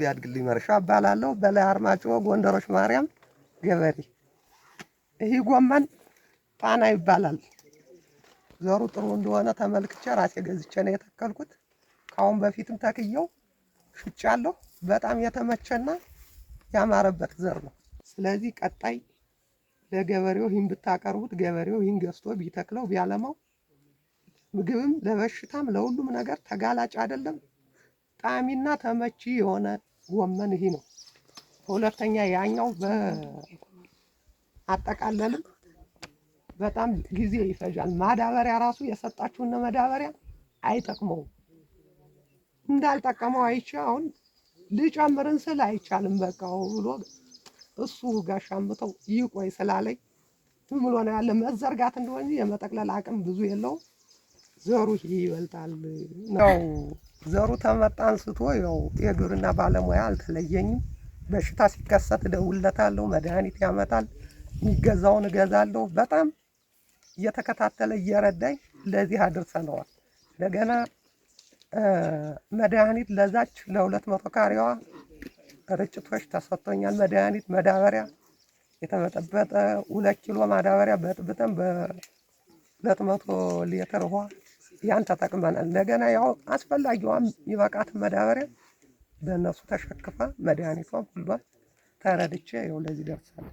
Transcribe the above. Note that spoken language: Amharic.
ቢያድግልኝ መርሻ እባላለሁ። በላይ አርማጭሆ ጎንደሮች ማርያም ገበሬ። ይህ ጎመን ጣና ይባላል። ዘሩ ጥሩ እንደሆነ ተመልክቼ ራሴ ገዝቼ ነው የተከልኩት። ከአሁን በፊትም ተክየው ሽጫለሁ። በጣም የተመቸና ያማረበት ዘር ነው። ስለዚህ ቀጣይ ለገበሬው ይህን ብታቀርቡት ገበሬው ይህን ገዝቶ ቢተክለው ቢያለማው ምግብም ለበሽታም ለሁሉም ነገር ተጋላጭ አይደለም። ጣሚና ተመቺ የሆነ ጎመን ይሄ ነው። ሁለተኛ ያኛው በአጠቃለልም በጣም ጊዜ ይፈጃል። ማዳበሪያ ራሱ የሰጣችሁን ማዳበሪያ አይጠቅመውም። እንዳልጠቀመው አይቼ አሁን ልጨምርን ስል አይቻልም በቃ ብሎ እሱ ጋር ሻምተው ይቆይ ስላለኝ ዝም ብሎ ነው ያለ። መዘርጋት እንደሆነ የመጠቅለል አቅም ብዙ የለውም። ዘሩ ይበልጣል ነው። ዘሩ ተመጣ አንስቶ ያው የግብርና ባለሙያ አልተለየኝም። በሽታ ሲከሰት እደውልለታለሁ፣ መድኃኒት ያመጣል፣ የሚገዛውን እገዛለሁ። በጣም እየተከታተለ እየረዳኝ ለዚህ አድርሰነዋል። እንደገና መድኃኒት ለዛች ለሁለት መቶ ካሬዋ ርጭቶች ተሰጥቶኛል። መድኃኒት መዳበሪያ የተመጠበጠ ሁለት ኪሎ ማዳበሪያ በጥብጠን በሁለት መቶ ሊትር ውሃ ያን ተጠቅመናል። እንደገና ያው አስፈላጊዋም ይበቃት መዳበሪያ በእነሱ ተሸክፋ መድኃኒቷም ሁሏን ተረድቼ ይኸው ለዚህ ደርሳለሁ።